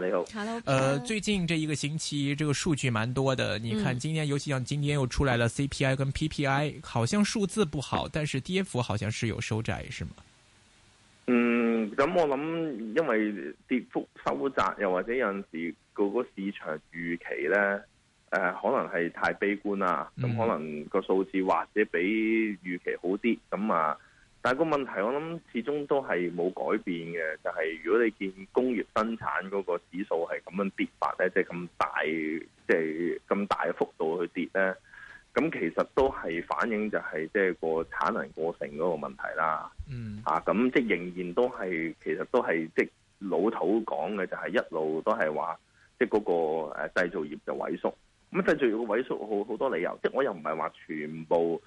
你好 hello，呃、最近這一個星期，這個數據蠻多的。你看，今天、嗯、尤其像今天又出來了 CPI 跟 PPI，好像數字不好，但是跌幅好像是有收窄，是嗎？嗯，咁我諗，因為跌幅收窄，又或者有陣時個個市場預期咧，誒、呃，可能係太悲觀啦。咁、嗯、可能個數字或者比預期好啲，咁、嗯、啊。但係個問題，我諗始終都係冇改變嘅。就係、是、如果你見工業生產嗰個指數係咁樣跌法咧，即係咁大，即係咁大幅度去跌咧，咁其實都係反映就係即係個產能過剩嗰個問題啦。嗯，啊，咁即係仍然都係，其實都係即係老土講嘅，就係一路都係話，即係嗰個誒製造業就萎縮。咁製造業嘅萎縮好好多理由，即係我又唔係話全部。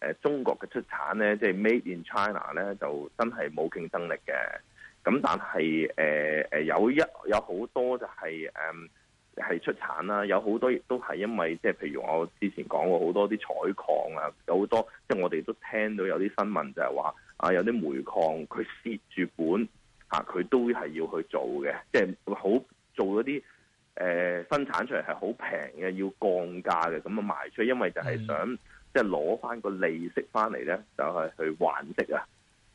誒，中國嘅出產咧，即係 Made in China 咧，就真係冇競爭力嘅。咁但係誒誒，有一有好多就係誒係出產啦，有好多亦都係因為即係，譬如我之前講過，好多啲採礦啊，有好多即係我哋都聽到有啲新聞就係話啊，有啲煤礦佢蝕住本啊，佢都係要去做嘅，即係好做嗰啲誒生產出嚟係好平嘅，要降價嘅，咁啊賣出去，因為就係想。即係攞翻個利息翻嚟咧，就係、是、去還息啊、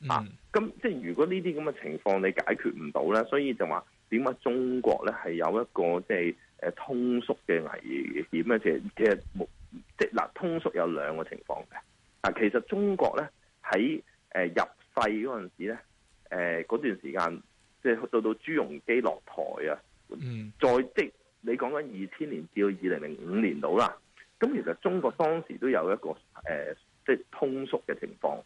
嗯！啊，咁即係如果呢啲咁嘅情況你解決唔到咧，所以就話點解中國咧係有一個即係誒通縮嘅危險咧？即係冇，即係嗱，通縮有兩個情況嘅。嗱、啊，其實中國咧喺誒入世嗰陣時咧，誒、呃、嗰段時間，即係去到到朱鎔基落台啊！嗯，再即你講緊二千年至到二零零五年度啦。咁其實中國當時都有一個誒、呃，即係通縮嘅情況。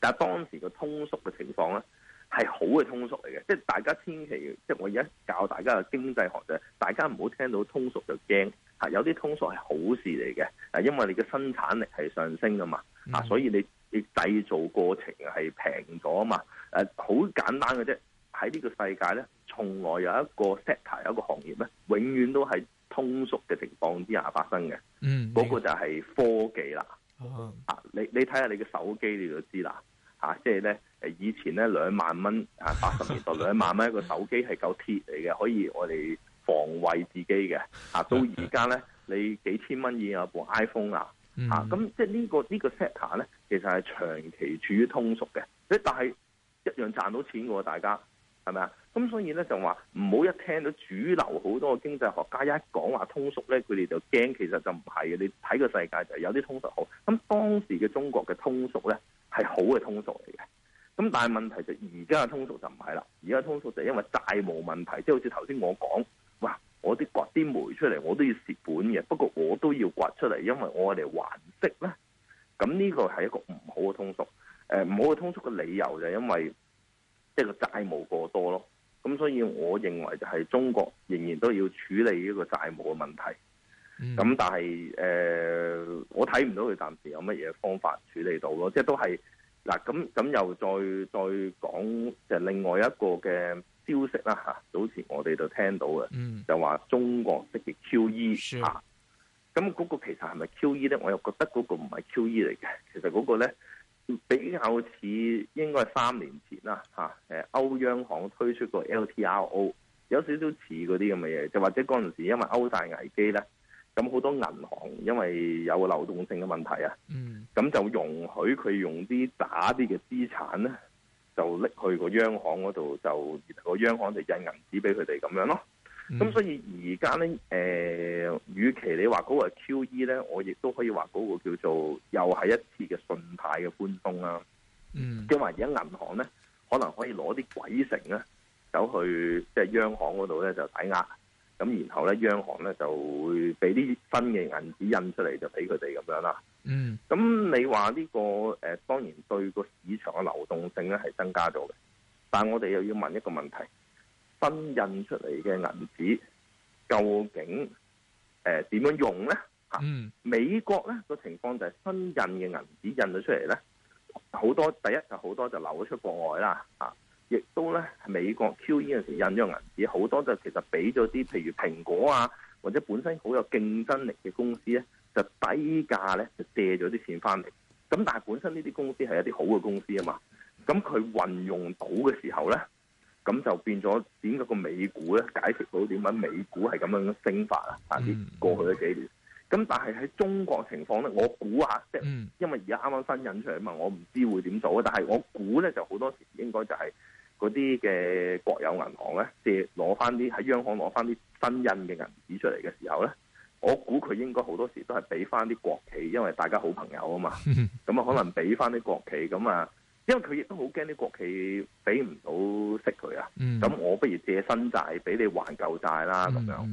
但係當時嘅通縮嘅情況咧，係好嘅通縮嚟嘅，即係大家千祈，即係我而家教大家嘅經濟學就大家唔好聽到通縮就驚嚇、啊。有啲通縮係好事嚟嘅，啊，因為你嘅生產力係上升噶嘛，啊、嗯，所以你你製造過程係平咗啊嘛，誒、啊，好簡單嘅啫。喺呢個世界咧，從來有一個 sector 有一個行業咧，永遠都係，通縮嘅情況之下發生嘅，嗰、嗯那個就係科技啦。啊，你你睇下你嘅手機，你就知啦。嚇、啊，即係咧誒，以前咧兩萬蚊嚇、啊、八十年代兩萬蚊一個手機係夠鐵嚟嘅，可以我哋防衞自己嘅。嚇、啊，到而家咧你幾千蚊已經有一部 iPhone 啦。嚇、嗯，咁、啊、即係、這個這個、呢個呢個 set 下咧，其實係長期處於通縮嘅。所以但係一樣賺到錢喎，大家。係咪啊？咁所以咧就話唔好一聽到主流好多嘅經濟學家，一講話通縮咧，佢哋就驚。其實就唔係嘅，你睇個世界就有啲通縮好。咁當時嘅中國嘅通縮咧係好嘅通縮嚟嘅。咁但係問題就而家嘅通縮就唔係啦。而家通縮就係因為債務問題，即係好似頭先我講，哇！我啲掘啲煤出嚟，我都要蝕本嘅。不過我都要掘出嚟，因為我哋還息咧。咁呢個係一個唔好嘅通縮。誒，唔好嘅通縮嘅理由就係因為。即係個債務過多咯，咁所以我認為就係中國仍然都要處理呢個債務嘅問題。咁但係誒、嗯呃，我睇唔到佢暫時有乜嘢方法處理到咯。即係都係嗱，咁咁又再再講就係另外一個嘅消息啦嚇。早前我哋就聽到嘅，就話中國式嘅、就是、QE 嚇。咁嗰個其實係咪 QE 咧？我又覺得嗰個唔係 QE 嚟嘅。其實嗰個咧。比較似應該係三年前啦，嚇誒歐央行推出個 LTRO，有少少似嗰啲咁嘅嘢，就或者嗰陣時因為歐債危機咧，咁好多銀行因為有個流動性嘅問題啊，咁就容許佢用啲渣啲嘅資產咧，就拎去個央行嗰度，就個央行就印銀紙俾佢哋咁樣咯。咁、嗯、所以而家咧，誒、呃，與其你話嗰個 QE 咧，我亦都可以話嗰個叫做又係一次嘅信貸嘅寬鬆啦。嗯，即係話而家銀行咧，可能可以攞啲鬼城啊，走去即係央行嗰度咧就抵押，咁然後咧央行咧就會俾啲新嘅銀紙印出嚟，就俾佢哋咁樣啦。嗯，咁你話呢、這個誒、呃、當然對個市場嘅流動性咧係增加咗嘅，但係我哋又要問一個問題。新印出嚟嘅銀紙究竟誒點樣用咧？吓、mm. 啊，美國咧個情況就係新印嘅銀紙印咗出嚟咧，好多第一就好多就流咗出國外啦，啊，亦都咧係美國 QE 嗰陣時印咗銀紙，好多就其實俾咗啲譬如蘋果啊或者本身好有競爭力嘅公司咧，就低價咧就借咗啲錢翻嚟，咁但係本身呢啲公司係一啲好嘅公司啊嘛，咁佢運用到嘅時候咧。咁就變咗點嗰個美股咧，解決到點解美股係咁樣升法啊？啊啲過去嘅幾年，咁但係喺中國情況咧，我估下，即係因為而家啱啱新印出嚟啊嘛，我唔知會點做啊。但係我估咧，就好多時應該就係嗰啲嘅國有銀行咧，即係攞翻啲喺央行攞翻啲新印嘅銀紙出嚟嘅時候咧，我估佢應該好多時都係俾翻啲國企，因為大家好朋友啊嘛，咁啊可能俾翻啲國企咁啊。因為佢亦都好驚啲國企俾唔到息佢啊，咁、嗯、我不如借新債俾你還舊債啦咁樣，咁、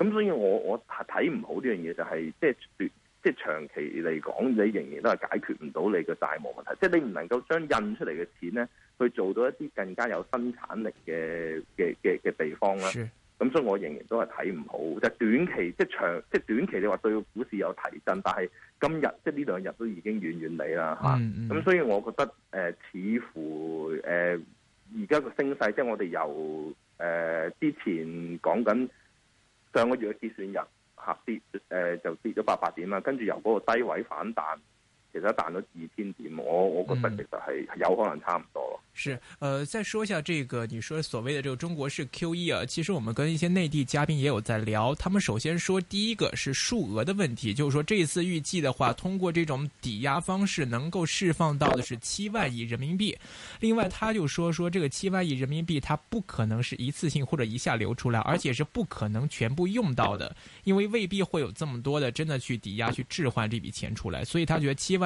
嗯、所以我我睇唔好呢樣嘢就係即係即係長期嚟講你仍然都係解決唔到你嘅債務問題，即係你唔能夠將印出嚟嘅錢咧去做到一啲更加有生產力嘅嘅嘅嘅地方啦。咁所以，我仍然都係睇唔好。就是、短期即係、就是、長，即、就、係、是、短期你話對股市有提振，但係今日即係呢兩日都已經遠遠離啦。吓、嗯嗯，咁所以我覺得誒、呃，似乎誒而家個升勢，即、就、係、是、我哋由誒、呃、之前講緊上個月嘅結算日下跌，誒、呃、就跌咗八百點啦，跟住由嗰個低位反彈。其實彈到二千點，我我覺得其實係有可能差唔多咯、嗯。是，呃，再說一下這個，你說所謂的這個中國式 QE 啊，其實我們跟一些內地嘉賓也有在聊。他們首先說第一個是數額的問題，就是說這一次預計的話，通過這種抵押方式能夠釋放到的是七萬億人民幣。另外，他就說說這個七萬億人民幣，它不可能是一次性或者一下流出來，而且是不可能全部用到的，因為未必會有這麼多的真的去抵押去置換這筆錢出來。所以他覺得七萬。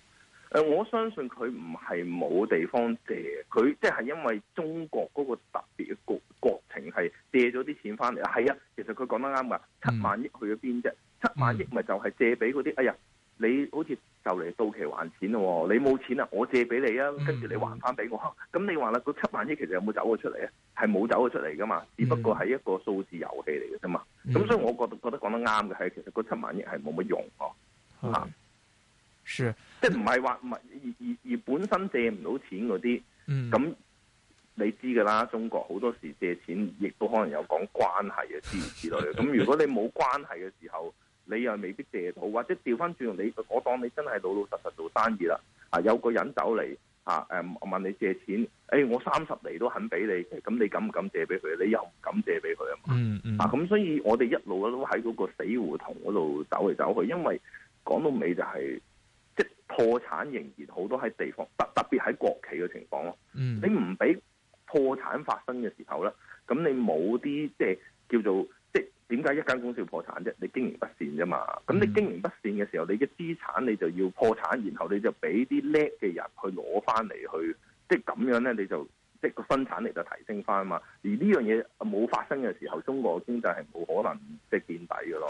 誒，我相信佢唔係冇地方借，佢即係因為中國嗰個特別嘅國國情係借咗啲錢翻嚟。係啊，其實佢講得啱噶，嗯、七萬億去咗邊啫？七萬億咪就係借俾嗰啲，哎呀，你好似就嚟到期還錢咯，你冇錢啊，我借俾你啊，跟住你還翻俾我。咁、嗯、你話啦，嗰七萬億其實有冇走咗出嚟咧？係冇走咗出嚟噶嘛，只不過係一個數字遊戲嚟嘅啫嘛。咁所以我覺得覺得講得啱嘅係，其實嗰七萬億係冇乜用咯、嗯。啊，是。即係唔係話唔係而而而本身借唔到錢嗰啲，咁、嗯、你知噶啦。中國好多時借錢，亦都可能有講關係啊，之之類嘅。咁 如果你冇關係嘅時候，你又未必借到。或者調翻轉，你我當你真係老老實實做生意啦。啊，有個人走嚟，吓、啊、誒，我問你借錢，誒、哎，我三十厘都肯俾你，咁你敢唔敢借俾佢？你又唔敢借俾佢啊嘛。啊，咁所以我哋一路都喺嗰個死胡同嗰度走嚟走去，因為講到尾就係、是。破產仍然好多喺地方，特特別喺國企嘅情況咯、嗯。你唔俾破產發生嘅時候咧，咁你冇啲即係叫做即係點解一間、就是就是、公司要破產啫？你經營不善啫嘛。咁、嗯、你經營不善嘅時候，你嘅資產你就要破產，然後你就俾啲叻嘅人去攞翻嚟去，即係咁樣咧，你就即係個生產力就提升翻嘛。而呢樣嘢冇發生嘅時候，中國經濟係冇可能即係見底嘅咯。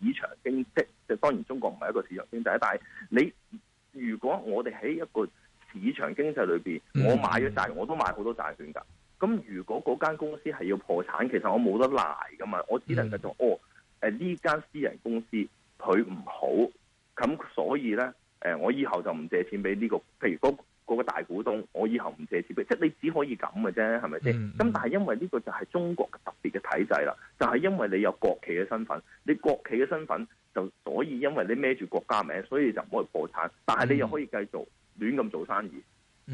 市場經濟，即係當然中國唔係一個市場經濟，但係你如果我哋喺一個市場經濟裏邊，我買咗債，我都買好多債券㗎。咁如果嗰間公司係要破產，其實我冇得賴㗎嘛，我只能夠做哦，誒呢間私人公司佢唔好，咁所以呢，誒、呃、我以後就唔借錢俾呢、這個，譬如、那個個、那個大股東，我以後唔借錢俾，即係你只可以咁嘅啫，係咪先？咁、嗯、但係因為呢個就係中國特別嘅體制啦，就係、是、因為你有國企嘅身份，你國企嘅身份就可以因為你孭住國家名，所以就唔可以破產，但係你又可以繼續亂咁做生意。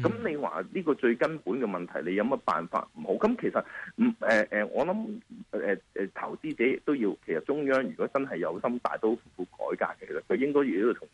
咁、嗯、你話呢個最根本嘅問題，你有乜辦法唔好？咁其實唔誒誒，我諗誒誒，投資者都要其實中央如果真係有心大刀闊斧改革，其實佢應該亦都要同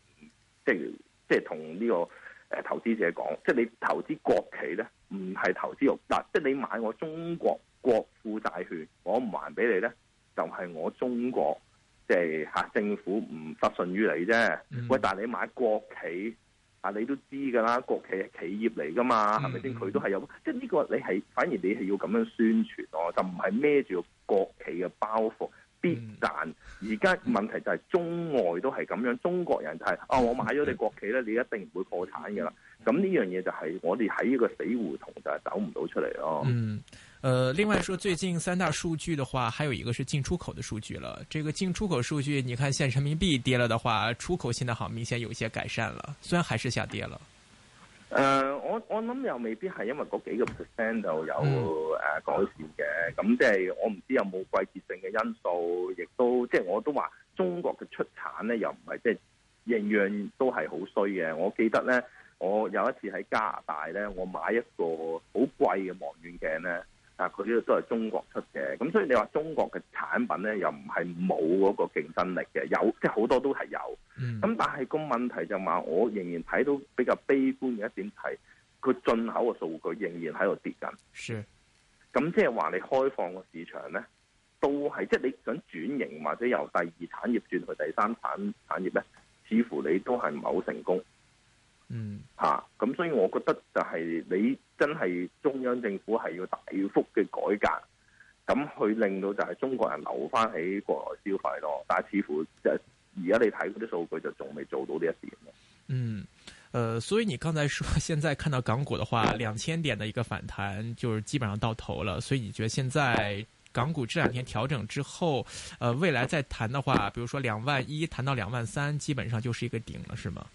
即係即係同呢個。誒，投資者講，即係你投資國企咧，唔係投資肉。嗱，即係你買我中國國庫債券，我唔還俾你咧，就係、是、我中國即係嚇政府唔失信於你啫。嗯、喂，但係你買國企，嚇你都知噶啦，國企係企業嚟噶嘛，係咪先？佢都係有，即係呢個你係反而你係要咁樣宣傳哦，就唔係孭住個國企嘅包袱。嗯、但而家問題就係中外都係咁樣，中國人就係、是、哦、啊，我買咗你國企咧，你一定唔會破產嘅啦。咁呢樣嘢就係我哋喺呢個死胡同，就係走唔到出嚟咯。嗯，誒、呃，另外說，最近三大數據的話，還有一個是進出口嘅數據啦。這個進出口數據，你看現人民幣跌了的話，出口現在好明顯有一些改善了，雖然還是下跌了。誒、uh，我我諗又未必係因為嗰幾個 percent、嗯啊啊、就有誒改善嘅，咁即係我唔知有冇季節性嘅因素，亦都即係、就是、我都話中國嘅出產咧又唔係即係樣樣都係好衰嘅。我記得咧，我有一次喺加拿大咧，我買一個好貴嘅望遠鏡咧。啊！佢呢個都係中國出嘅，咁所以你話中國嘅產品咧，又唔係冇嗰個競爭力嘅，有即係好多都係有。咁、mm. 但係個問題就係，我仍然睇到比較悲觀嘅一點係，佢進口嘅數據仍然喺度跌緊。咁即係話你開放個市場咧，都係即係你想轉型或者由第二產業轉去第三產產業咧，似乎你都係唔係好成功。嗯，吓、啊，咁所以我覺得就係你真係中央政府係要大幅嘅改革，咁去令到就係中國人留翻喺國內消費咯。但係似乎就係而家你睇嗰啲數據就仲未做到呢一點咯。嗯，誒、呃，所以你剛才說現在看到港股的話，兩千點的一個反彈就是基本上到頭了。所以你覺得現在港股這兩天調整之後，呃，未來再彈的話，比如說兩萬一彈到兩萬三，基本上就是一個頂了，是嗎？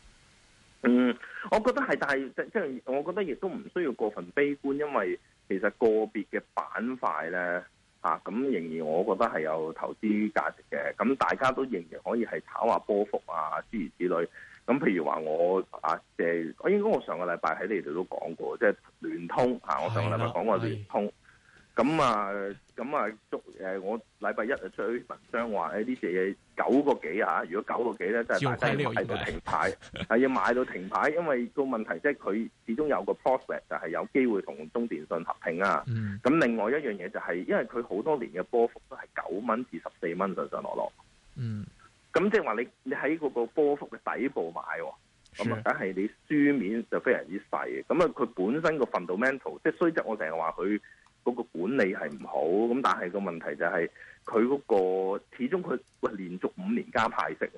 嗯，我覺得係，但係即即係，我覺得亦都唔需要過分悲觀，因為其實個別嘅板塊咧，吓咁仍然我覺得係有投資價值嘅。咁大家都仍然可以係炒下波幅啊，諸如此類。咁譬如話我啊，即係我應該我上個禮拜喺你哋都講過，即係聯通吓，我上個禮拜講過聯通。咁、嗯、啊，咁、嗯、啊，捉、嗯嗯、我禮拜一就出去文章話誒，呢隻嘢九個幾啊。如果九個幾咧，就係要買到買到停牌，係要買到停牌。因，停牌 因為個問題即係佢始終有個 prospect 就係有機會同中電信合併啊。咁、嗯、另外一樣嘢就係，因為佢好多年嘅波幅都係九蚊至十四蚊上上落落。嗯。咁即係話你你喺嗰個波幅嘅底部買，咁啊，但係你書面就非常之細嘅。咁啊，佢本身個 fundamental 即係雖則我成日話佢。嗰、那個管理係唔好，咁但係個問題就係佢嗰個始終佢喂，連續五年加派息，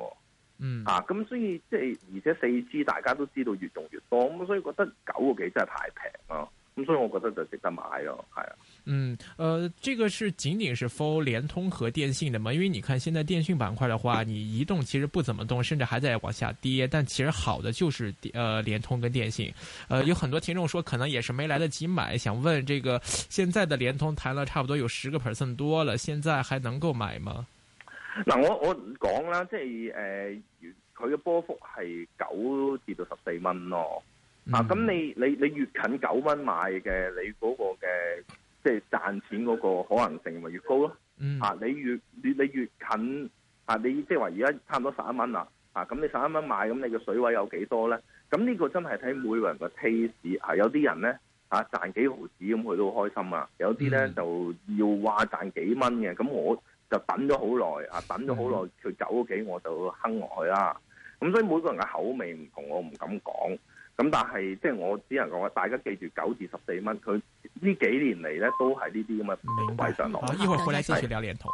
嗯啊，咁所以即係而且四 G 大家都知道越用越多，咁所以覺得九個幾真係太平咯，咁所以我覺得就值得買咯，係啊。嗯，呃，這個是僅僅是 for 聯通和電信的嗎？因為你看現在電信板塊的話，你移動其實不怎麼動，甚至還在往下跌，但其實好的就是，呃，聯通跟電信。呃，有很多聽眾說可能也是沒來得及買，想問這個現在的聯通彈了差不多有十個 percent 多了，現在還能夠買嗎？嗱、嗯，我我講啦，即係誒，佢嘅波幅係九至到十四蚊咯。啊，咁你你你越近九蚊買嘅，你嗰個嘅。即係賺錢嗰個可能性咪越高咯、啊？嚇、嗯啊，你越你你越近嚇、啊，你即係話而家差唔多十一蚊啦，嚇、啊、咁你十一蚊買，咁你嘅水位有幾多咧？咁呢個真係睇每個人個 taste 嚇，有啲人咧嚇、啊、賺幾毫子咁佢都開心啊，有啲咧、嗯、就要話賺幾蚊嘅，咁我就等咗好耐嚇，等咗好耐佢走咗幾，我就坑落去啦。咁所以每個人嘅口味唔同，我唔敢講。咁但係即係我只能講話，大家記住九至十四蚊，佢呢幾年嚟咧都係呢啲咁嘅低位上落。好，一會回來繼續聊聯通。